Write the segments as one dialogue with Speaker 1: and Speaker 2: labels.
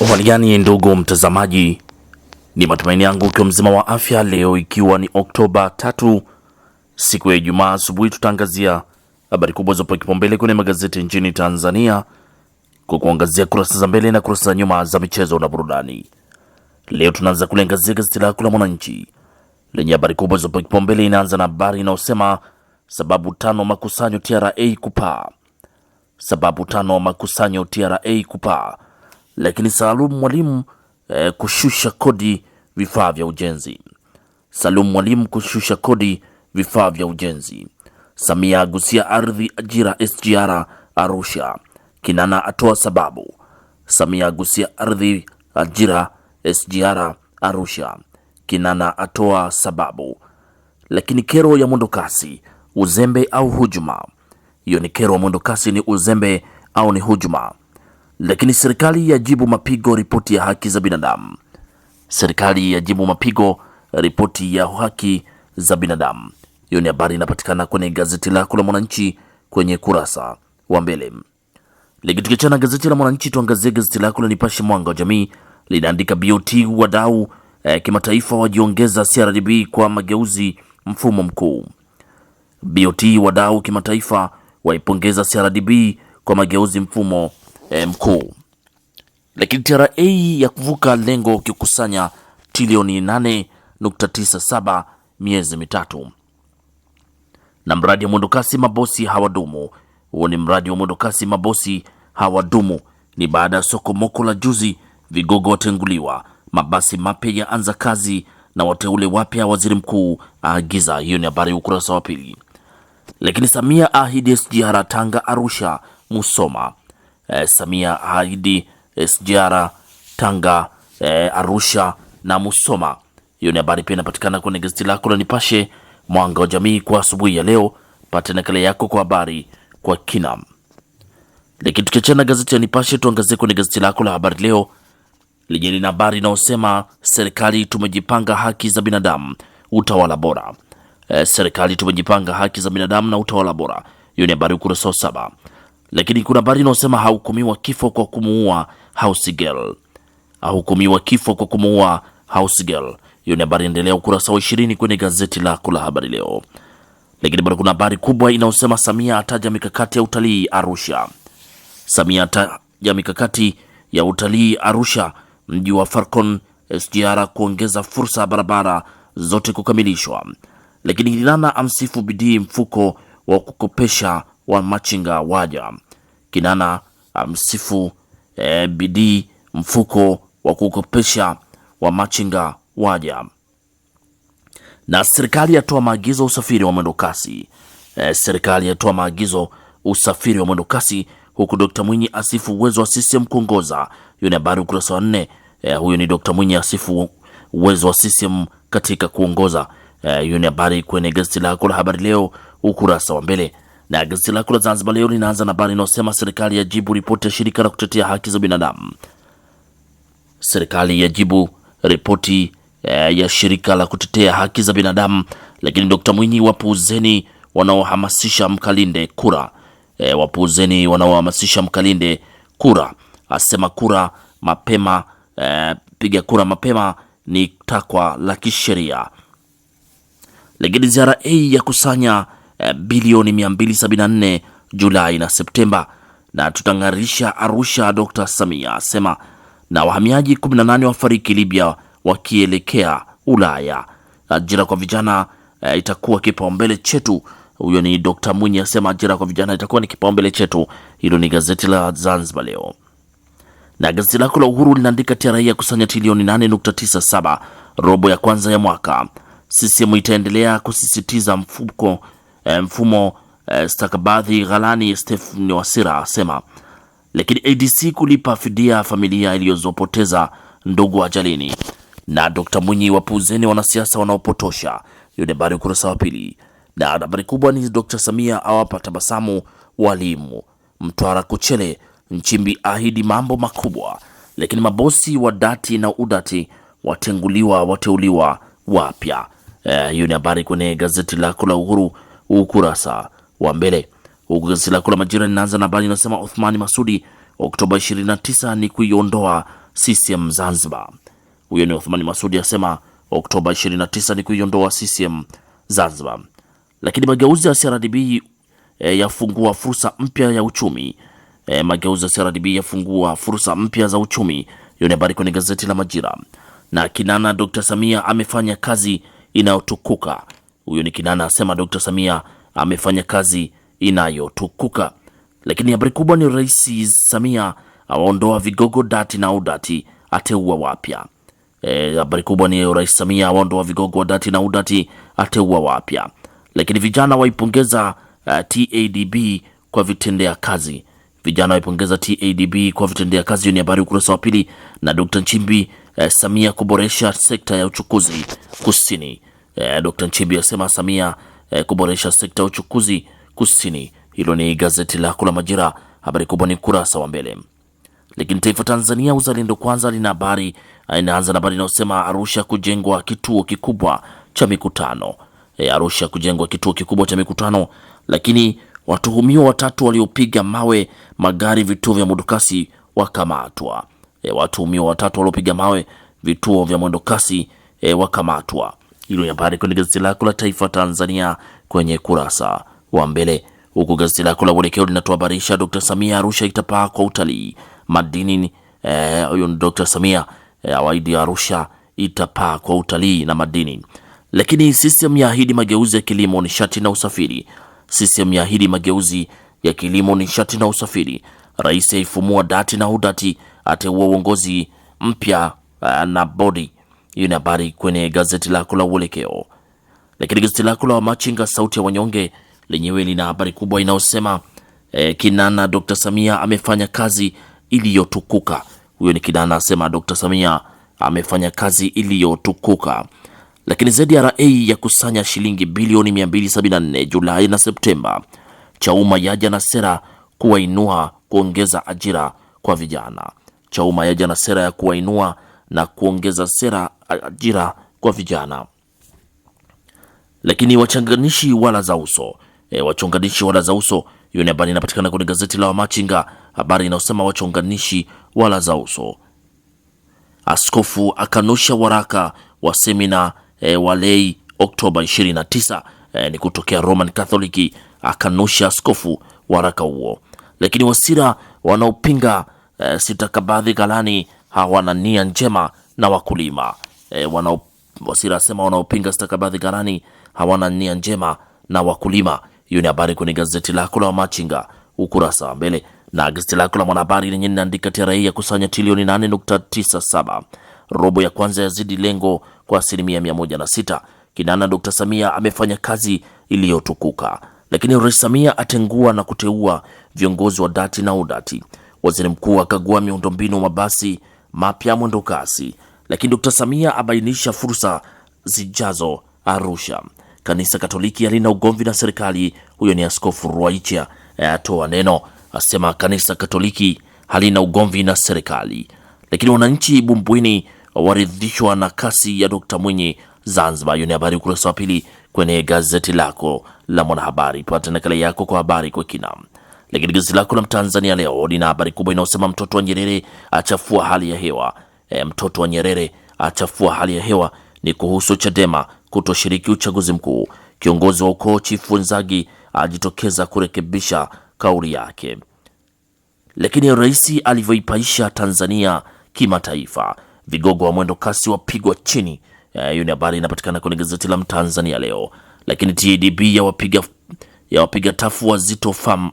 Speaker 1: Uhaligani ndugu mtazamaji, ni matumaini yangu ukiwa mzima wa afya leo, ikiwa ni Oktoba tatu, siku ya Ijumaa asubuhi, tutaangazia habari kubwa zopewa kipaumbele kwenye magazeti nchini Tanzania kwa kuangazia kurasa za mbele na kurasa za nyuma za michezo na burudani. Leo tunaanza kuliangazia gazeti lako la Mwananchi lenye habari kubwa zopewa kipaumbele. Inaanza na habari inayosema sababu tano makusanyo TRA kupaa, sababu tano makusanyo TRA kupaa lakini Salum Mwalimu e, kushusha kodi vifaa vya ujenzi. Salum Mwalimu kushusha kodi vifaa vya ujenzi. Samia agusia ardhi, ajira SGR Arusha. Kinana atoa sababu. Samia agusia ardhi, ajira SGR Arusha. Kinana atoa sababu. Lakini kero ya mwendokasi, uzembe au hujuma? Hiyo ni kero ya mwendokasi, ni uzembe au ni hujuma? lakini serikali yajibu mapigo ripoti ya haki za binadamu. Serikali yajibu mapigo ripoti ya haki za binadamu. Hiyo ni habari inapatikana kwenye gazeti lako la Mwananchi kwenye kurasa wa mbele. Likitukachana na gazeti la Mwananchi, tuangazie gazeti lako la Nipashe Mwanga wa Jamii linaandika BOT wadau eh, kimataifa wajiongeza CRDB kwa mageuzi mfumo mkuu. BOT wadau kimataifa waipongeza CRDB kwa mageuzi mfumo e, mkuu. Lakini TRA ya kuvuka lengo kikusanya trilioni 8.97 miezi mitatu. Na mradi wa mwendokasi mabosi hawadumu. Huo ni mradi wa mwendokasi mabosi hawadumu, ni baada ya soko moko la juzi, vigogo watenguliwa, mabasi mapya yaanza kazi na wateule wapya, waziri mkuu aagiza. Hiyo ni habari ukurasa wa pili. Lakini Samia ahidi SGR Tanga, Arusha, Musoma eh, Samia Haidi eh, Sijara Tanga eh, Arusha na Musoma. Hiyo ni habari pia inapatikana kwenye gazeti lako la Nipashe Mwanga wa Jamii kwa asubuhi ya leo. Pata nakala yako kwa habari kwa kina. Lakini tukiachana gazeti ya Nipashe, tuangazie kwenye gazeti lako la Habari Leo lenye lina habari inayosema serikali tumejipanga haki za binadamu utawala bora. E, serikali tumejipanga haki za binadamu na utawala bora. Hiyo ni habari ukurasa wa saba lakini kuna habari inayosema hahukumiwa kifo kwa kumuua Hausigel. Hahukumiwa kifo kwa kumuua Hausigel. Hiyo ni habari inaendelea ukurasa wa ishirini kwenye gazeti lako la habari leo. Lakini bado kuna habari kubwa inayosema Samia ataja mikakati ya utalii Arusha. Samia ataja mikakati ya utalii Arusha, mji wa Farcon SGR kuongeza fursa, barabara zote kukamilishwa. Lakini Ilana amsifu bidii mfuko wa kukopesha wa machinga waja. Kinana amsifu ah, e, eh, bidii mfuko wa kukopesha wa machinga waja. Na serikali yatoa maagizo usafiri wa mwendokasi. E, eh, serikali yatoa maagizo usafiri wa mwendokasi, huku Dr. Mwinyi asifu uwezo wa CCM kuongoza. Hiyo ni habari ukurasa wa nne. E, huyo ni Dr. Mwinyi asifu uwezo wa CCM katika kuongoza. Hiyo e, ni habari kwenye gazeti lako la habari leo ukurasa wa mbele. Na gazeti lako la Zanzibar leo linaanza na habari inayosema serikali jibu ripoti ya shirika la kutetea haki za binadamu. Serikali yajibu ripoti eh, ya shirika la kutetea haki za binadamu. Lakini Dr. Mwinyi, wapuuzeni wanaohamasisha mkalinde kura. Eh, wapuuzeni wanaohamasisha mkalinde kura, asema kura mapema eh, piga kura mapema ni takwa la kisheria. Lakini ziara ya kusanya Eh, bilioni 274 Julai na Septemba. Na tutang'arisha Arusha, Dr Samia asema, na wahamiaji 18 wafariki Libya wakielekea Ulaya. Ajira kwa vijana eh, itakuwa kipaumbele chetu. Huyo ni Dr Mwinyi asema ajira kwa vijana itakuwa ni kipaumbele chetu. Hilo ni gazeti la Zanzibar Leo na gazeti lako la Uhuru linaandika TRA ya kusanya trilioni 8.97 robo ya kwanza ya mwaka. CCM itaendelea kusisitiza mfuko Eh, mfumo eh, stakabadhi ghalani. Stephen Wasira asema lakini ADC kulipa fidia familia iliyozopoteza ndugu ajalini, na Dr. Mwinyi wapuuzeni wanasiasa wanaopotosha. Hiyo ni habari ukurasa wa pili, na habari kubwa ni Dr. Samia awapa tabasamu walimu. Mtwara Kuchele Nchimbi ahidi mambo makubwa, lakini mabosi wa dati na udati watenguliwa wateuliwa wapya. Eh, hiyo eh, ni habari kwenye gazeti lako la Uhuru ukurasa wa mbele. Huku gazeti lako la Majira linaanza na habari inasema Othmani Masudi Oktoba 29 ni kuiondoa CCM Zanzibar. Huyo ni Othmani Masudi asema Oktoba 29 ni kuiondoa CCM Zanzibar. Lakini mageuzi ya CRDB e, eh, yafungua fursa mpya ya uchumi. E, mageuzi ya CRDB yafungua fursa mpya za uchumi. Hiyo ni habari kwenye gazeti la Majira. Na Kinana Dr. Samia amefanya kazi inayotukuka. Huyo ni Kinana asema d Samia amefanya kazi inayotukuka. Lakini habari kubwa ni Rais Samia awaondoa vigogo dati na udati, ateua wapya. E, habari e, kubwa ni Rais Samia awaondoa vigogo dati na udati, ateua wapya. Lakini vijana waipongeza uh, e, TADB kwa vitendea kazi vijana waipongeza TADB kwa vitendea kazi. ni habari ukurasa wa pili. Na Dr. Nchimbi uh, Samia kuboresha sekta ya uchukuzi kusini eh, Dr. Nchimbi asema Samia eh, kuboresha sekta ya uchukuzi kusini. Hilo ni gazeti lako la Majira, habari kubwa ni kurasa wa mbele. Lakini Taifa Tanzania Uzalendo Kwanza lina habari, eh, inaanza na habari inayosema Arusha kujengwa kituo kikubwa cha mikutano e, Arusha kujengwa kituo kikubwa cha mikutano. Lakini watuhumiwa watatu waliopiga mawe magari vituo vya mwendokasi wakamatwa. E, watuhumiwa watatu waliopiga mawe vituo vya mwendokasi e, wakamatwa. Hilo ni habari kwenye gazeti lako la Taifa Tanzania kwenye kurasa wa mbele, huku gazeti lako la Uelekeo linatuhabarisha Dr. Samia Arusha itapaa kwa utalii madini. Eh, huyo eh, ni Dr. Samia eh, awaidi Arusha itapaa kwa utalii na madini. Lakini CCM yaahidi mageuzi ya kilimo, nishati na usafiri. CCM yaahidi mageuzi ya kilimo, nishati na usafiri. Rais aifumua dati na udati, ateua uongozi mpya eh, na bodi hiyo ni habari kwenye gazeti lako la Uelekeo. Lakini gazeti lako la Wamachinga sauti ya wanyonge lenyewe lina habari kubwa inayosema e, Kinana Dr. Samia amefanya kazi iliyotukuka. Huyo ni Kinana asema Dr. Samia amefanya kazi iliyotukuka. Lakini ZRA ya kusanya shilingi bilioni 274 Julai na Septemba. Chauma yaja na sera kuwainua kuongeza ajira kwa vijana. Chauma yaja na sera ya kuwainua na kuongeza sera ajira kwa vijana. Lakini wachanganishi wala za uso e, wachanganishi wala za uso, hiyo ni habari inapatikana kwenye gazeti la Wamachinga, habari inayosema wachonganishi wala za uso. Askofu akanusha waraka wa semina e, walei Oktoba 29 e, ni kutokea Roman Catholic. Akanusha askofu waraka huo, lakini wasira wanaopinga e, sitakabadhi galani hawana nia njema na wakulima e, wana, Wasira asema wanaopinga stakabadhi garani hawana nia njema na wakulima. Hiyo ni habari kwenye gazeti lako la Wamachinga ukurasa wa mbele, na gazeti lako la Mwanahabari lenye linaandika TRA ya kusanya trilioni 8.97 robo ya kwanza yazidi lengo kwa asilimia 106. Kinana Dr. Samia amefanya kazi iliyotukuka, lakini Rais Samia atengua na kuteua viongozi wa dati na udati. Waziri Mkuu akagua miundombinu mabasi mapya mwendo kasi lakini Dr Samia abainisha fursa zijazo Arusha. Kanisa Katoliki halina ugomvi na serikali. Huyo ni Askofu Ruwaicha eh, atoa neno, asema Kanisa Katoliki halina ugomvi na serikali. Lakini wananchi Bumbwini waridhishwa na kasi ya Dkt. Mwinyi Zanzibar. Hiyo ni habari ukurasa wa pili kwenye gazeti lako la Mwanahabari. Pata nakala yako kwa habari kwa kina. Lakini gazeti lako la Mtanzania leo lina habari kubwa inayosema mtoto wa Nyerere achafua hali ya hewa. E, mtoto wa Nyerere achafua hali ya hewa ni kuhusu Chadema kutoshiriki uchaguzi mkuu. Kiongozi wa ukoo Chifu Nzagi ajitokeza kurekebisha kauli yake. Lakini rais alivyoipaisha Tanzania kimataifa, vigogo wa mwendo kasi wapigwa chini. E, hiyo ni habari inapatikana kwenye gazeti la Mtanzania leo. Lakini TDB ya wapiga ya wapiga tafu wazito fam,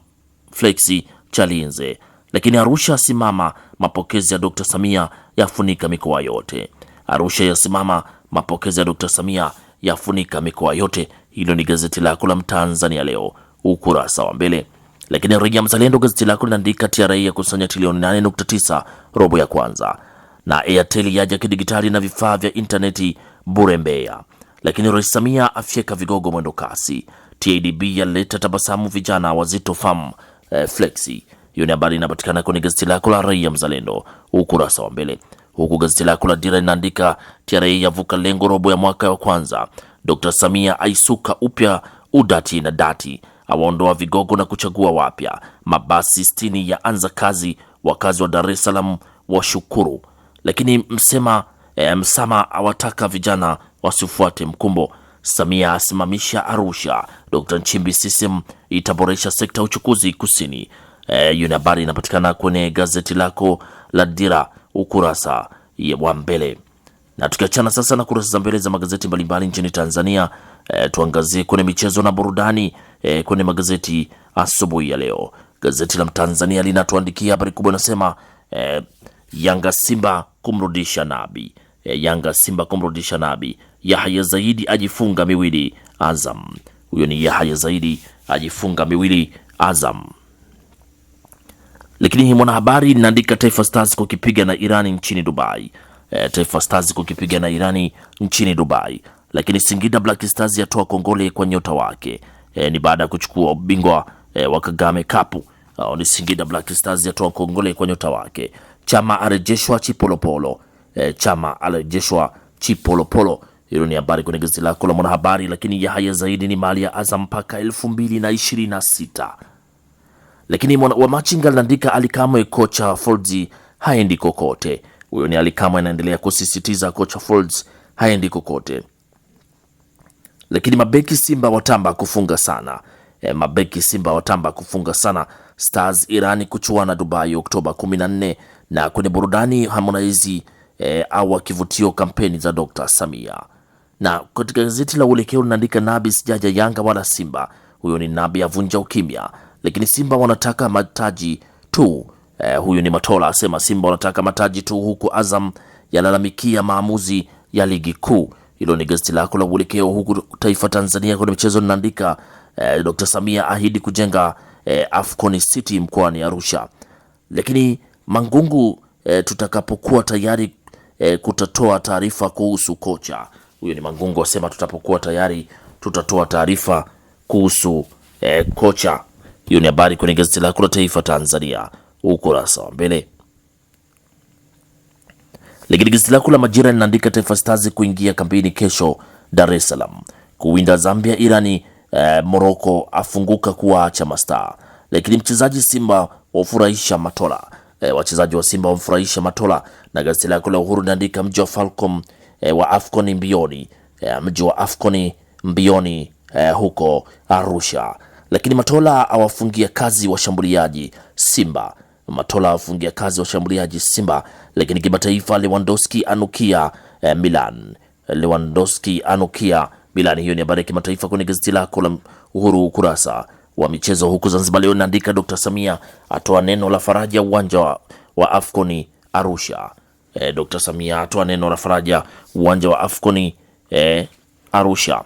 Speaker 1: Flexi Chalinze. Lakini Arusha simama mapokezi ya Dr. Samia yafunika mikoa yote. Arusha yasimama, mapokezi ya Dr. Samia yafunika mikoa yote. Hilo ni gazeti lako la Mtanzania leo ukurasa wa mbele. Lakini Rejea Mzalendo gazeti lako linaandika TRA ya kusanya trilioni 8.9 robo ya kwanza, na Airtel yaja kidigitali na vifaa vya interneti bure Mbeya. Lakini Rais Samia afyeka vigogo mwendo kasi. TADB yaleta tabasamu vijana wazito famu Eh, flexi. Hiyo ni habari inapatikana kwenye gazeti lako la Raia Mzalendo ukurasa wa mbele, huku gazeti lako la Dira linaandika TRA yavuka lengo robo ya mwaka wa kwanza. Dr. Samia aisuka upya udati na dati, awaondoa vigogo na kuchagua wapya. Mabasi sitini yaanza kazi, wakazi wa Dar es Salaam washukuru. Lakini msema e, msama awataka vijana wasifuate mkumbo Samia asimamisha Arusha. Dr. Nchimbi CCM itaboresha sekta ya uchukuzi kusini. Hiyo eh, e, habari inapatikana kwenye gazeti lako la Dira ukurasa wa mbele. Na tukiachana sasa na kurasa za mbele za magazeti mbalimbali nchini Tanzania, e, tuangazie kwenye michezo na burudani e, kwenye magazeti asubuhi ya leo. Gazeti la Mtanzania linatuandikia habari kubwa inasema e, Yanga Simba kumrudisha Nabi. E, Yanga Simba kumrudisha Nabi. Yahya Zaidi ajifunga miwili Azam. Huyo ni Yahya Zaidi ajifunga miwili Azam. Lakini hii mwanahabari linaandika Taifa Stars kukipiga na Irani nchini Dubai. E, Taifa Stars kukipiga na Irani nchini Dubai. Lakini Singida Black Stars yatoa kongole kwa nyota wake. E, ni baada ya kuchukua ubingwa e, wa Kagame Cup. Ni Singida Black Stars yatoa kongole kwa nyota wake. Chama arejeshwa Chipolopolo. E, Chama arejeshwa Chipolopolo. Hilo ni habari kwenye gazeti lako la Mwanahabari, lakini ya haya zaidi ni mali ya Azam mpaka 2026. Lakini mwana wa machinga sita. linaandika Alikamwe kocha Folds haendi kokote. Huyo ni Alikamwe anaendelea kusisitiza kocha Folds haendi kokote. Lakini mabeki Simba watamba kufunga sana. E, mabeki Simba watamba kufunga sana. Stars Irani kuchuana Dubai Oktoba 14 na kwenye burudani Harmonize e, au kivutio kampeni za Dr. Samia. Na katika gazeti la Uelekeo linaandika Nabi sijaja Yanga wala Simba, huyo ni Nabi avunja ukimya, lakini Simba wanataka mataji tu. Eh, huyu ni Matola asema Simba wanataka mataji tu, huku Azam yalalamikia maamuzi ya ligi kuu. Hilo ni gazeti lako la Uelekeo. Huku Taifa Tanzania kwenye michezo linaandika eh, Dr. Samia ahidi kujenga eh, Afcon City mkoani Arusha, lakini Mangungu eh, tutakapokuwa tayari eh, kutatoa taarifa kuhusu kocha. Huyo ni Mangungu asema tutapokuwa tayari tutatoa taarifa kuhusu eh, kocha. Hiyo ni habari kwenye gazeti lako la Taifa Tanzania ukurasa wa mbele. Lakini gazeti lako la Majira linaandika Taifa Stars kuingia kampeni kesho Dar es Salaam kuwinda Zambia, Irani, eh, Moroko afunguka kuwaacha mastaa. Lakini mchezaji Simba wafurahisha Matola, eh, wachezaji wa Simba wamfurahisha Matola. Na gazeti lako la Uhuru linaandika mji wa Falcom e, wa Afcon mbioni e, mji wa Afcon mbioni e, huko Arusha. Lakini Matola awafungia kazi washambuliaji Simba. Matola awafungia kazi washambuliaji Simba. Lakini kimataifa, Lewandowski anukia e, Milan. Lewandowski anukia Milan. Hiyo ni habari ya kimataifa kwenye gazeti lako la Uhuru ukurasa wa michezo. Huku Zanzibar Leo inaandika Dr. Samia atoa neno la faraja uwanja wa wa Afcon Arusha e, eh, Dr. Samia atoa neno la faraja uwanja wa Afconi e, eh, Arusha.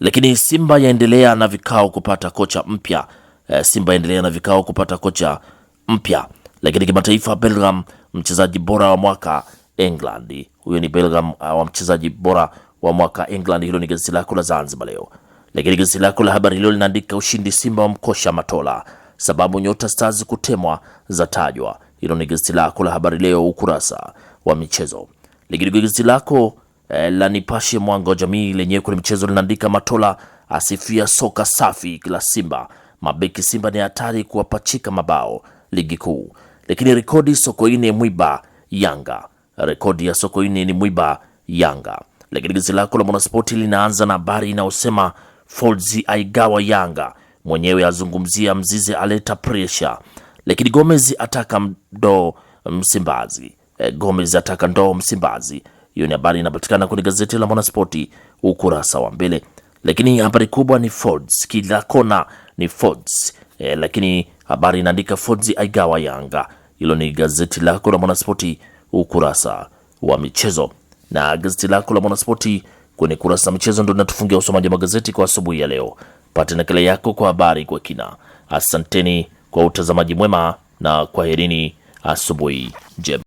Speaker 1: Lakini Simba yaendelea na vikao kupata kocha mpya e, Simba yaendelea na vikao kupata kocha mpya. Lakini kimataifa, Bellingham mchezaji bora wa mwaka England. Huyo ni Bellingham uh, wa mchezaji bora wa mwaka England. Hilo ni gazeti lako la Zanzibar Leo. Lakini gazeti lako la habari hilo linaandika ushindi Simba wa mkosha Matola, sababu nyota Stars kutemwa zatajwa. Hilo ni gazeti lako la habari leo ukurasa wa michezo. Lakini gazeti lako eh, la Nipashe Mwanga wa Jamii lenyewe kwenye michezo linaandika Matola asifia soka safi la Simba, mabeki Simba ni hatari kuwapachika mabao ligi kuu. Lakini rekodi Sokoine mwiba Yanga, rekodi ya Sokoine ni mwiba Yanga. Lakini gazeti lako la Mwanaspoti linaanza na habari inayosema Folzi aigawa Yanga, mwenyewe azungumzia Mzize aleta presha, lakini Gomez ataka mdo Msimbazi. Mm, eh, Gomes zataka ndoo Msimbazi. Hiyo ni habari inapatikana kwenye gazeti la Mwanaspoti ukurasa wa mbele, lakini habari kubwa ni Fords, kila kona ni Fords E, lakini habari inaandika Fords aigawa Yanga. Hilo ni gazeti lako la Mwanaspoti ukurasa wa michezo, na gazeti lako la Mwanaspoti kwenye kurasa za michezo ndio natufungia usomaji wa magazeti kwa asubuhi ya leo. Pate nakala yako kwa habari kwa kina. Asanteni kwa utazamaji mwema na kwaherini, asubuhi njema.